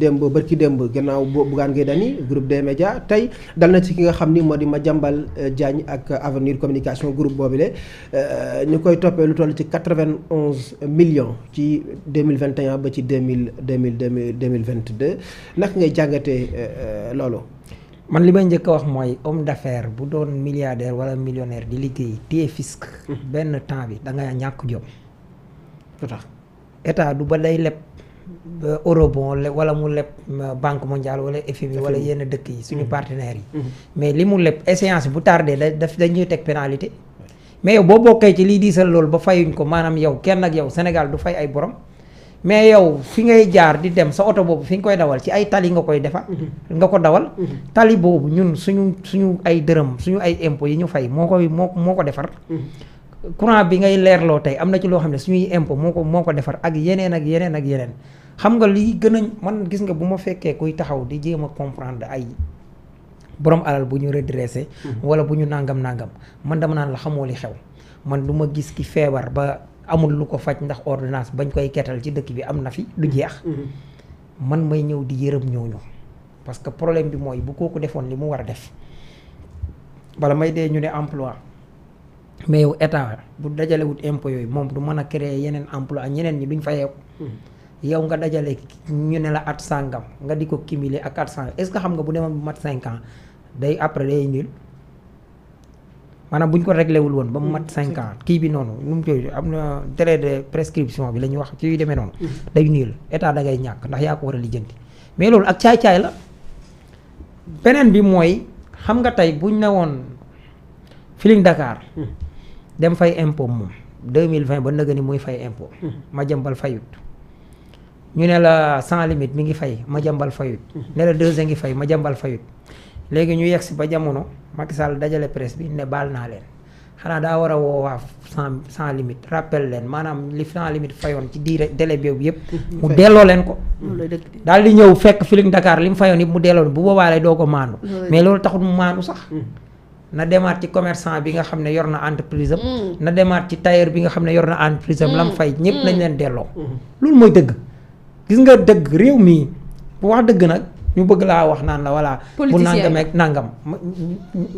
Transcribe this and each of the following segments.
démb bërki démb gannaaw Bougane Gueye Dany groupe des médias tey dal na ci ki nga xam ni moo di ma jàmbal euh, Diagne ak euh, Avenir Communication groupe boobule euh, ñu koy toppee lu toll ci 91 millions ci 2021 ba ci 2000 2000 2022 naka ngay jàngatee loolu man li may njëkk a wax mooy homme d'affaires bu doon milliardaire wala millionnaire di liggéey téye fisc benn temps bi dangay nga ñàkk jom lu du ba lay leb Euh, eurobond wala mu leb euh, banque mondiale wala FMI wala yenn dëkk yi suñu mm-hmm. partenaires yi mm-hmm. mais li mu leb échéance bu tardee da daf dañuy teg pénalité mais boo bokkee ci lii diisal loolu ba fayuñ ko maanaam yow kenn ak yow Sénégal du fay ay borom mais yow fi ngay jaar di dem sa oto boobu fi nga koy dawal ci ay tali nga koy defar mm-hmm. nga ko dawal tali boobu ñun suñu suñu ay dërëm suñu ay impôts yi ñu fay moo koy moo moo ko defar courant bi ngay leerloo tey am na ci loo xam ne suñuy impôt moo ko moo ko defar ak yeneen ak yeneen ak xam nga lii gën man gis nga bu ma fekkee kuy taxaw di jéem a comprendre ay borom alal bu ñu redressé. Mhm. wala bu ñu nàngam nangam man dama naan la xamoo li xew man du ma gis ki feebar ba amul lu ko faj ndax ordonnance bañ koy kettal ci dëkk bi am na fi lu jeex. Mhm. Mhm. man may ñëw di yërëm ñooñu parce que problème bi mooy bu kooku defoon li mu war a def bala may dee ñu ne emploi mais yow état bu dajalewut impôt yooyu moom du mën a créer yeneen emploi ñeneen ñi duñ fayeeku yow nga dajale ñu ne la at sàngam nga di ko cumuler ak at sàngam est-ce que xam nga bu demoon bu mat 5 ans day après day nul maanaam bu ñu ko reglewul woon ba mu mat 5 mm, ans kii bi noonu nu mu koy am na délai de prescription bi la ñuy wax ci yu demee noonu. Mm. day nul état da ngay ñàkk ndax yaa ko war a lijjanti mais loolu ak caay-caay la beneen bi mooy xam nga tey bu ñu ne woon Feeling Dakar. Mm. dem fay impôt moom vingt ba nëgë ni muy fay impo ma jëmbal fayut. ñu ne la sans limite mi ngi fay ma jàmbal fayut mhm. ne la deux a ngi fay ma jàmbal fayut léegi ñu yegsi ba jamono Macky Sall dajale presse bi ne baal naa leen xanaa daa war a woo waa sans sans limite rappel leen maanaam li sans limite fayoon ci diire délai boobu yëpp mhm. mu delloo leen ko mhm. daal di ñëw fekk Feeling ndakaar li mu fayoon yëpp mu delloo bu boobaa lay doo ko maandu mais loolu taxul mu maandu sax na demaat ci commerçant bi nga xam ne yor na entreprise am na demaat ci tailleur bi nga xam ne yor na entreprise am lam fay ñëpp nañ leen delloo gis nga dëgg réew mii wax dëgg nag ñu bëgg laa wax naan la voilà. bu nangameeg nangam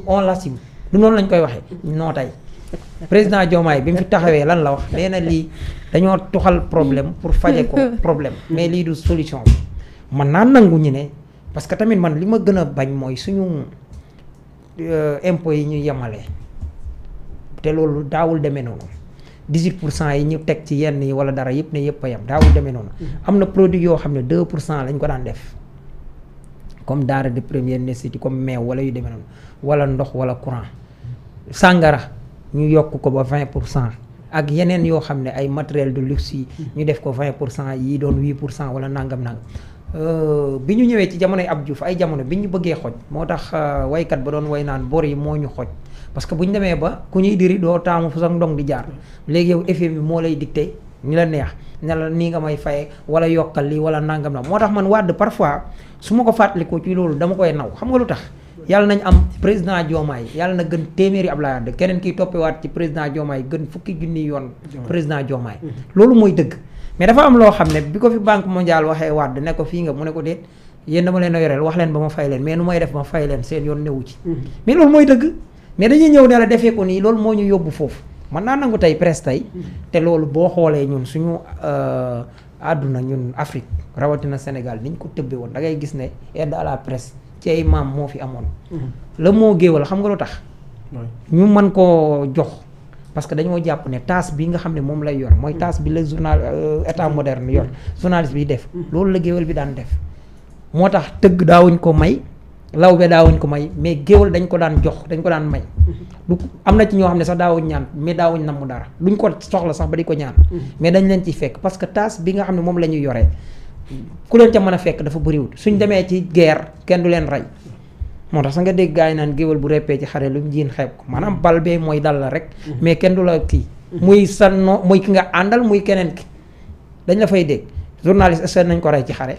on l'assume du noonu lañ koy waxee noo tey président Diomaye bi mu fi taxawee lan la wax nee na lii dañoo toxal problème pour faje ko problème mais lii du solution bi man naa nangu ñu ne parce que tamit man li ma gën a bañ mooy suñu euh, impôts yi ñu yemale te loolu daawul demee noonu. 18 pour cent yi ñu teg ci yenn yi wala dara yëpp ne yëpp a yem daawul demee noonu. Mm-hmm. am na produit yoo xam ne 2 pour cent lañ ko daan def comme daara de première nécessité comme meew wala yu demee noonu wala ndox wala courant sàngara ñu yokk ko ba 20 pour cent. ak yeneen yoo xam ne ay matériel de luxe yi. Mm-hmm. ñu def ko 20 pour cent yi doon 8 pour cent wala nangam nangam. Euh, bi ñu ñëwee ci jamonoy ab juuf ay jamono bi ñu bëggee xoj moo tax euh, waykat ba doon way naan bor yi moo ñu xoj. parce que bu ñu demee ba ku ñuy diri doo taamu fu sax ndong di jaar léegi yow effet bi moo lay dicté ñu la neex ne la nii nga may faye wala yokkal lii wala nangam na moo tax man wàdd parfois su ma ko fàttalikoo ci loolu dama koy naw xam nga lu tax yàlla nañ am président joomaay yàlla na gën téeméeri Abdoulaye Wade keneen kiy waat ci président Diomaye gën fukki junni yoon président Diomaye mm-hmm. loolu mooy dëgg mais dafa am loo xam ne bi ko fi banque mondiale waxee Wade ne ko fii nga mu ne ko déet yéen dama leen a yoreel wax leen ba ma fay leen mais nu may def ma fay leen seen yoon newu ci mm-hmm. mais dañuy ñëw ne la defee ko nii loolu moo ñu yóbbu foofu man naa nangu tey presse tey te loolu boo xoolee ñun suñu euh, àdduna ñun Afrique rawatina Sénégal niñ ko tëbbe woon da ngay gis ne aide à la presse ci ay maam moo fi amoon mm-hmm. la moo géewal xam nga lu tax ñu mën ko jox parce que dañoo jàpp ne taas bi nga xam ne moom lay yor mooy mm-hmm. taas bi la journal euh, état moderne yor mm-hmm. journaliste bi def loolu la géwél bi daan def moo tax tëgg daawuñ ko may lawbe daawuñ ko may mais géwal dañ ko daan jox dañ ko daan may mhm. du am na ci ñoo xam ne sa daawuñ ñaan mais daawuñ mu dara duñ ko soxla sax ba di ko ñaan mhm. mais dañ leen ciy fekk parce que taas bi nga xam ne moom la yoree ku leen ca mën a fekk dafa bëriwut suñ demee ci geer kenn du leen rey moo tax sa nga dégg gars yi naan géwal bu reppee ci xare lu mu jiin xeeb ko maanaam bal bee mooy dal la rek mhm. mais kenn du la kii muy sa no muy ki nga àndal muy keneen ki dañ la fay dégg journaliste est nañ ko rey ci xare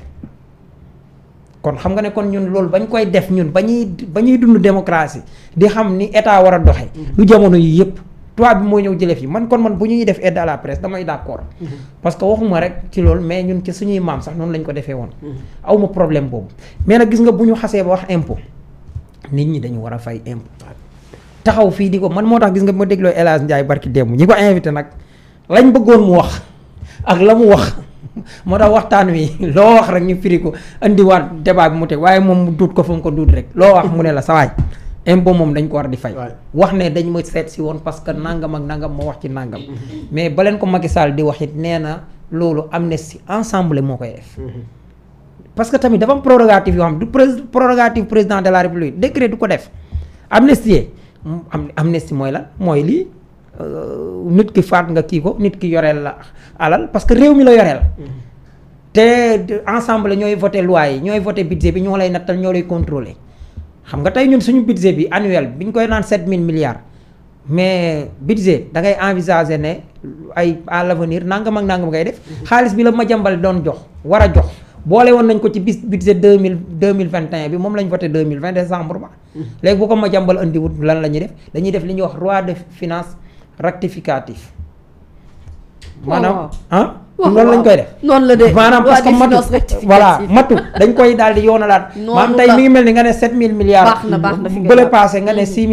kon xam nga ne kon ñun loolu bañ koy def ñun ba ñuy ba ñuy dund démocratie di xam ni état war a doxe lu mm-hmm. jamono yi yëpp tubaab bi moo ñëw jëlee fi man kon man bu ñuy def aide à la presse damay d'accord mm-hmm. parce que waxuma rek ci loolu mais ñun ci suñuy maam sax noonu lañ ko defee woon mm-hmm. awma problème boobu mais na gis nga bu ñu xasee ba wax impôt nit ñi dañu war a fay impôt taxaw fii di ko man moo tax gis nga ma dégloo El Hadj Ndiaye barki démb ñi ko invité nag lañ bëggoon mu wax ak la mu wax moo tax waxtaan wi loo wax rek ñu firi ko indiwaat débat bi mu teg waaye moom mu duut ko fa mu ko duut rek loo wax mu ne la sawaay impôt moom dañ ko war di fay wax ne dañ ma seet si woon parce que nangam ak nangam moo wax ci nangam mais ba leen ko Macky saal di wax it nee na loolu amnistie ensemble moo koy def mm-hmm. parce que tamit dafa am prérogative yoo xam du président de la république décret du ko def amnistie am amnistie mooy la mooy lii Euh, nit ki faat nga kii ko nit ki yoreel la alal parce que réew mi la yoreel. te ensemble ñooy voté loi yi ñooy voté budget bi ñoo lay nattal ñoo lay contrôlé xam nga tey ñun suñu budget bi annuel bi ñu koy naan 7000 milliards. mais budget da ngay envisager ne ay à l'avenir nangam ak nangam ngay def. xaalis bi la ma jàmbale doon jox war a jox. boole woon nañ ko ci bis budget deux mille deux mille vingt et un bi moom lañ voté deux mille vingt décembre ba. léegi bu ko ma lan la ñuy def dañuy def li ñuy wax loi de finance. rectificatif. maanaam ah. noonu lañ koy def. noonu la de maanaam parce que matu voilà matu dañ koy daal di yoonalaat. noonu la maanaam tey ngi mel ni nga ne 7000 milliards. baax na baax na fi bële paase nga mm-hmm.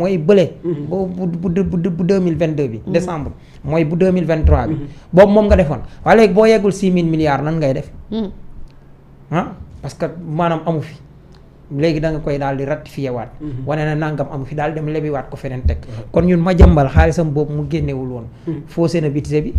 mooy mm-hmm. bu bi. Mm-hmm. décembre mooy bu 2023 bi. boobu moom nga defoon waaye léegi boo yeggul 6000 milliards nan ngay def. ah parce que maanaam amu fi. léegi da nga koy daal di ratifié waat mhm. wane na nangam amu fi daal dem lebiwaat ko feneen teg mhm. kon ñun ma jëmbal xaalisam boobu mu génnewul woon mhm. faussé na budget bi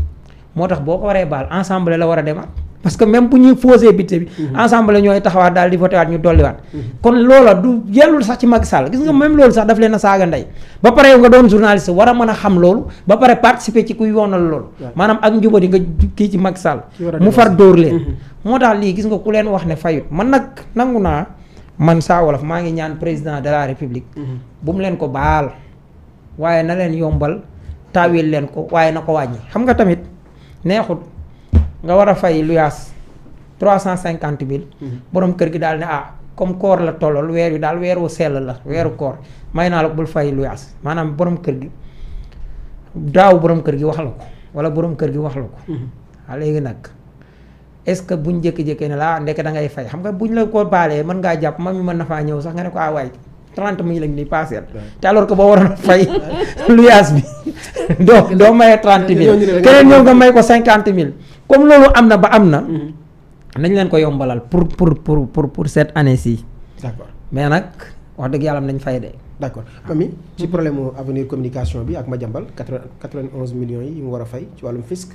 moo tax boo ko waree baal ensemble la war a demaat parce que même bu ñuy faussé budget bi ensemble ñooy taxawaat daal di voté ñu dolliwaat kon loola du yellul sax ci mag Sall gis nga même loolu sax daf leen a saaga ndey ba pare yow nga doon journaliste war a mën a xam loolu ba pare participer ci ku yoonal loolu maanaam ak njubadi nga kii ci Macky Sall mu far dóor leen moo tax lii gis nga ku leen wax ne fayut man nag nangu naa man saa wolof maa ngi ñaan président de la république. Mhm. bu mu leen ko baal waaye na leen yombal taawil leen ko waaye na ko wàññi xam nga tamit neexut nga war a fay luyaas trois cent cinquante mille. Mhm. borom kër gi daal ne ah comme koor la tollool weer wi daal weeru sell la weeru mhm. koor may naa la bul fay luyaas maanaam borom kër gi daaw boroom kër gi wax la ko wala boroom kër gi wax la ko. léegi nag. est-ce que buñ jékki-jékkee ne la ah ndeke da fay xam nga buñ la ko baalee mën ngaa jàpp mami mën na faa ñëw sax nga ne ko ah waay 30 mille lañ ni paaseel te alors que boo waroon a fay luyaas bi doo doo maye 30 mille keneen ñëw nga may ko cinquante mille comme loolu am na ba am na mm-hmm. nañ leen ko yombalal pour pour pour pour pour cette année ci d'accord mais nag wax dëgg yàlla am nañ fay de d'accord mami ci problème avenir communication bi ak Madiambal 91 millions yi mu a fay ci wàllum fisc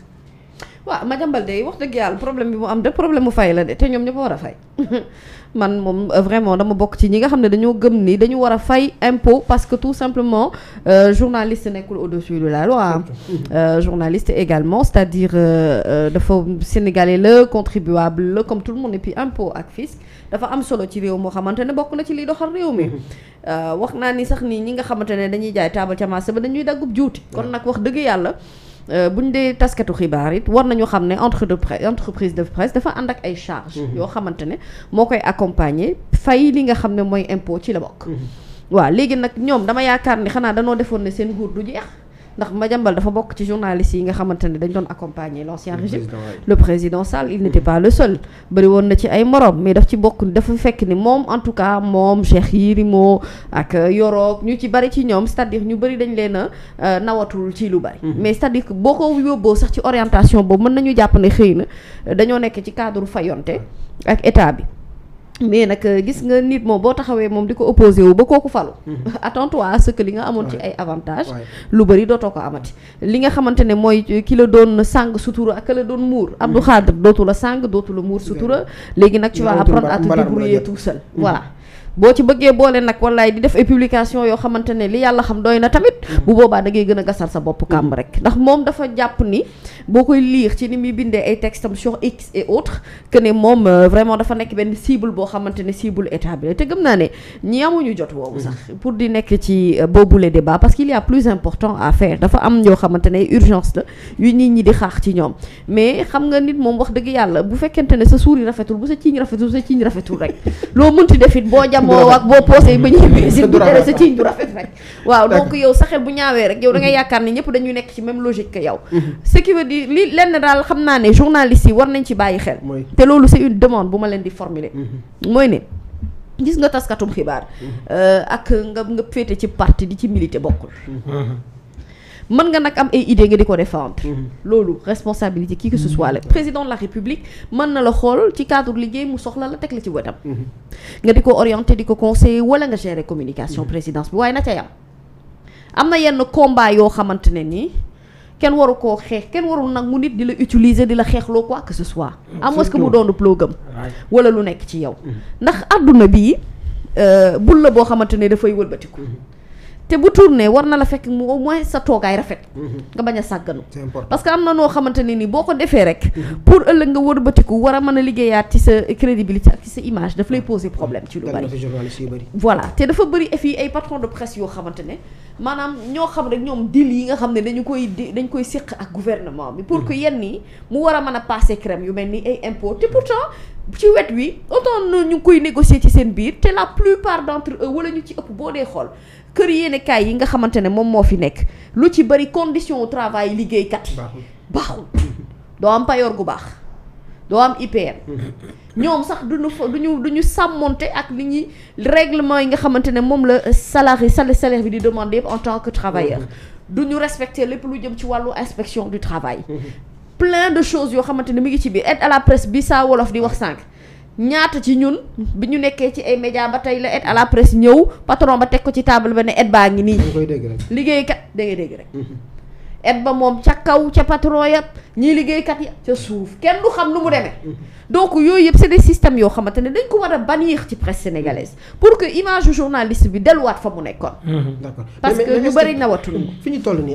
waaw Madiame Balde wax dëgg yàlla problème bi mu am de problème mu fay la de te ñoom ñëpp war a fay man moom euh, vraiment dama bokk ci ñi nga xam ne dañoo gëm ni dañu war a fay impôt parce que tout simplement euh, journaliste nekkul au-dessus de la loi euh, journaliste également cest à dafa sénégalais la contribuable la comme tout le monde et puis ak fisc dafa am solo ci réew moo xamante ne bokk na ci liy doxal réew mi wax naa ni sax ni ñi nga xamante ne dañuy jaay taabal ca marché ba dañuy daggub juuti kon nag wax dëgg yàlla Euh, bu ñu dee tasketu xibaar it war na nañu xam ne entre de presse entreprise de presse dafa ànd ak ay charges. Mhm. yoo xamante ne moo koy accompagner fay li nga xam ne mooy impôt ci la bokk. Mhm. waaw léegi nag ñoom dama yaakaar ni xanaa danoo defoon ne seen nguur du jeex. ndax ma Madiambal dafa bokk ci journaliste yi nga xamante ne dañ doon accompagner l'ancien régime le président Sall il n'était pas le seul bëri woon na ci ay morom mais daf ci bokk dafa fekk ni moom en tout cas moom Cheikh Yirimo ak euh, Yoroog ñu ci bëri ci ñoom cest ñu bëri dañ leen a euh, nawatul ci lu bëri mhm. mais cest à boo ko yóbboo sax ci orientation boobu mën nañu jàpp ne xëy na euh, dañoo nekk ci cadre fayonte ak état bi mais nag euh, gis nga nit moom boo taxawee moom di ko opposé wu ba kooku falu mhm. attends-toi à ce que li nga amoon ci ay avantage lu bëri dootoo ko amati li nga xamante ne mooy ki la doon sàng sutura ak la doon muur Abdou mhm. Khadre dootu la sàng dootu la muur sutura léegi nag ci vas apprendre à te débrouiller tout seul mhm. voilà boo ci bëggee boole nag wallaay di def ay publication yoo xamante ne li yàlla xam doy na tamit mm. bu boobaa da gën a gasal sa bopp kàmb mm. rek ndax moom dafa jàpp ni boo koy lire ci ni muy bindee ay texte am sur X et autres que ne moom euh, vraiment dafa nekk benn cible boo xamante ne cible état bi te gëm naa ne ñi amuñu jot woowu mm. sax pour di nekk ci euh, boobule débat parce qu'il y a plus important à faire dafa am yoo xamante ne urgence la yu nit ñi di xaax ci ñoom mais xam nga nit moom wax dëgg yàlla bu fekkente ne sa suuri rafetul bu sa ciiñ rafetul bu sa ciiñ rafetul rek loo boo jamboo ak boo posé ba ñuy musique bi tere sa ciñ du rafet rek waaw donc yow sa xel bu ñaawee rek yow da yaakaar ne ñëpp dañuy nekk ci même logique que yow mm-hmm. ce qui veut dire li lenn daal xam naa ne journalistes yi war nañ ci bàyyi xel te loolu c'est une demande bu ma leen di formuler mm-hmm. mooy ne gis nga taskatum xibaar mm-hmm. euh, ak nga nga féete ci parti di ci milité bokkul mën nga nag am ay idée nga di ko défendre mhm. loolu responsabilité qui que ce mhm. soit la président de la république mën na la xool ci cadre liggéey mu soxla la teg la ci wetam mhm. nga di ko orienter di ko conseiller wala nga gérer communication présidence bi waaye na ca yam am na yenn combat yoo xamante ne nii kenn waru koo xeex kenn warul nag mu nit di la utiliser di la xeexloo quoi que ce soit à moins que mu doon loo gëm wala lu nekk ci yow ndax àdduna bii euh, bul la boo xamante ne dafay wëlbatiku te bu tourné war na la fekk mu au moins sa toogaay rafet mhm. nga bañ a sàgganu parce que am na noo xamante ne ni boo ko defee rek pour ëllëg nga war batiku war a mën a liggéeyaat ci sa crédibilité ak ci sa image daf lay poser problème ci lu bari voilà te dafa bëri et fii ay patron de presse yoo xamante ne maanaam ñoo xam rek ñoom deal yi nga xam ne dañu koy di dañ koy séq ak gouvernement bi pour que mhm. yenn yi mu war a mën a passer crème yu mel ni ay impôt te pourtant ci wet wi autant ñu ngi koy négocier ci seen biir te la plupart d'entre eux wala ñu ci ëpp boo dee xool kër yéenekaay yi nga xamante ne moom moo fi nekk lu ci bëri condition travail liggéeykat yi baaxul doo am payoor gu baax doo am IPM ñoom sax duñu duñu duñu sàmmonte ak li ñuy règlement yi nga xamante ne moom la salarié salaire bi di demandé yëpp en tant que travailleur mmh. duñu respecter lépp lu jëm ci wàllu inspection du travail mmh. plein de choses yoo xamante ne mu ngi ci biir aide à la presse bi sa wolof di wax sànq ñaata ci ñun bi ñu nekkee ci ay média ba tey la aide à la presse ñëw patron ba teg ko ci table ba ne aide baa ngi nii liggéeykat da dégg rek mhm. aide ba moom ca kaw ca patron ya ñii liggéeykat ya ca suuf kenn du xam nu mu demee mhm. donc yooyu yëpp c'est des systèmes yoo xamante ne dañ ko war a bannir ci presse sénégalaise pour que image journaliste bi delluwaat fa mu nekkoon mhm. parce que ñu bëri na